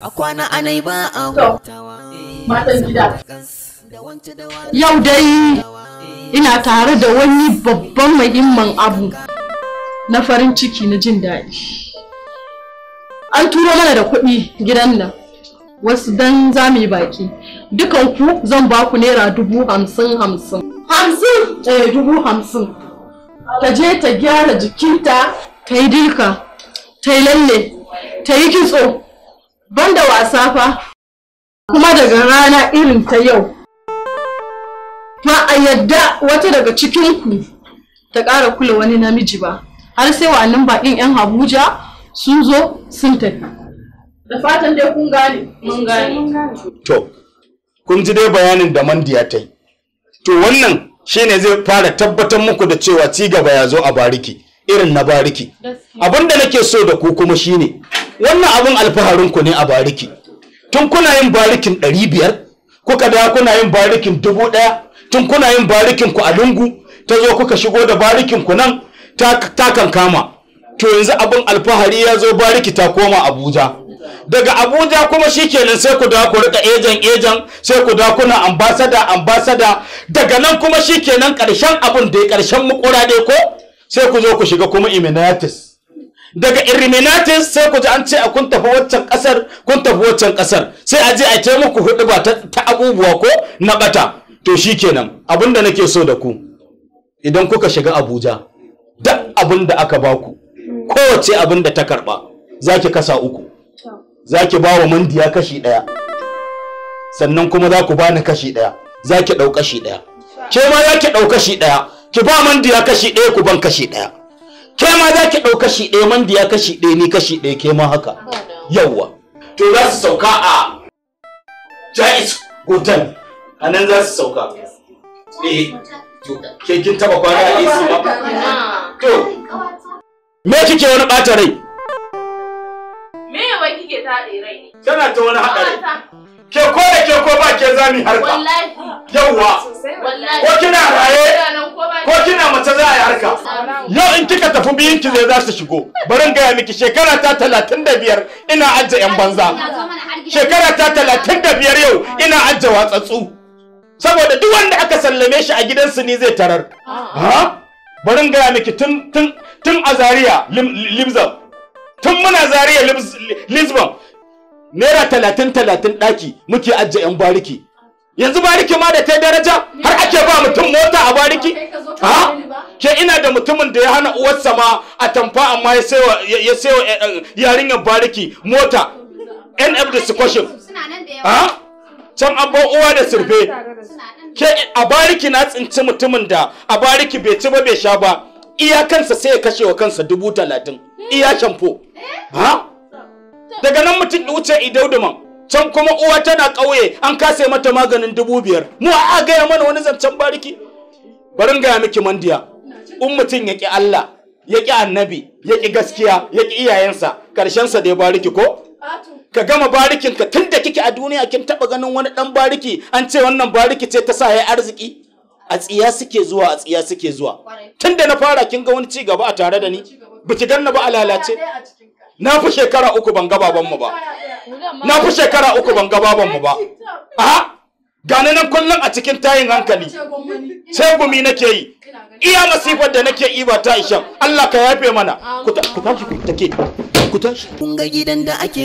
A kwana anai ba a Matan gida. Yau dai ina tare da wani babban muhimman abu na farin ciki na jin daɗi. An turo mana da kuɗi gidan nan. Wasu dan za mu yi baki. Dukan ku zan ba ku naira dubu hamsin hamsin. Hamsin? Eh dubu hamsin. Ta je ta gyara jikinta, ta yi dirka, ta yi lalle, ta yi kitso. banda wasa fa kuma daga rana irin ta yau ba a yadda wata daga cikinku ta ƙara kula wani namiji ba har sai wa'annan baƙin 'yan Habuja sun zo sun tafi da fatan dai kun gane mun gane to kun ji dai bayanin da mandiya ta yi to wannan shine zai fara tabbatar muku da cewa cigaba ya zo a bariki irin na bariki abin da nake so da ku kuma shine wannan abin ku ne a bariki tun kuna yin barikin ɗari biyar kuka da kuna yin barikin dubu ɗaya tun kuna yin barikin ku a lungu ta zo kuka shigo da barikin ku nan ta kankama to yanzu abin alfahari ya zo bariki ta koma abuja daga abuja kuma shikenan sai ku da ku rika ejan ejan sai ku da kuna ambasada ambasada daga nan kuma shikenan karshen abin da ya karshen mukura dai ko sai ku zo ku shiga kuma iminatis daga irminatis sai ku ji an ce a kun tafi waccan kasar kun tafi waccan kasar sai a je a ce muku hudu ba ta abubuwa ko na bata to shikenan abinda nake so da ku idan kuka shiga Abuja duk abinda aka baku kowace abinda ta karba zaki kasa uku zaki bawa mandiya kashi daya sannan kuma za ku bani kashi daya zaki ɗau kashi daya ke ma zaki ɗau kashi ɗaya. ki ba diya kashi ɗaya ku ban kashi ɗaya ke ma za ki ɗau kashi ɗaya diya kashi ɗaya ni kashi ɗaya ke ma haka yawwa to za su sauka a jais hotel a nan za su sauka eh ke kin taba kwana a isi ba to me kike wani ɓata rai me yawa kike taɗe rai tana ta wani haɗari ke ko da ke ko ba ke zami harka yawwa ko kina raye yau in kika tafi biyun ki zai za su shigo barin gaya miki shekara ta talatin da biyar ina ajje yan banza shekara ta talatin da biyar yau ina ajje watsatsu saboda duk wanda aka sallame shi a gidansu ni zai tarar ha barin gaya miki tun tun tun a zaria limzam tun muna zaria lisbon naira talatin talatin ɗaki muke ajje yan bariki yanzu bariki ma da ta daraja har ake ba mutum mota a bariki ke ina da mutumin da ya hana uwarsa ma a tamfa amma ya saiwa ya eh, eh, yarinyar bariki mota NF discussion ha can abban uwa da sirfe ke a bariki na tsinci mutumin da a bariki bai ci ba bai sha ba iya kansa sai ya kashe wa kansa dubu talatin iya shamfo eh? ha daga nan mutum ya wuce idauduman can kuma uwa tana ƙauye an kase mata maganin dubu biyar mu a gaya mana wani zancen bariki barin gaya miki mandiya in mutum ya ƙi Allah ya ƙi annabi ya ƙi gaskiya ya ƙi iyayensa ƙarshensa da ya bariki ko ka gama barikin ka tun da kike a duniya kin taɓa ganin wani ɗan bariki an ce wannan bariki ce ta sa ya arziki a tsiya suke zuwa a tsiya suke zuwa tun da na fara kin ga wani ci gaba a tare da ni biki na ba a lalace na fi shekara uku ban ga babanmu ba na fi shekara uku ban ga babanmu ba a gane nan kullum a cikin tayin hankali sai gumi nake yi iya masifar da nake iba ta ishan Allah ka yafe mana ku tashi ku take ku tashi kun ga gidan da ake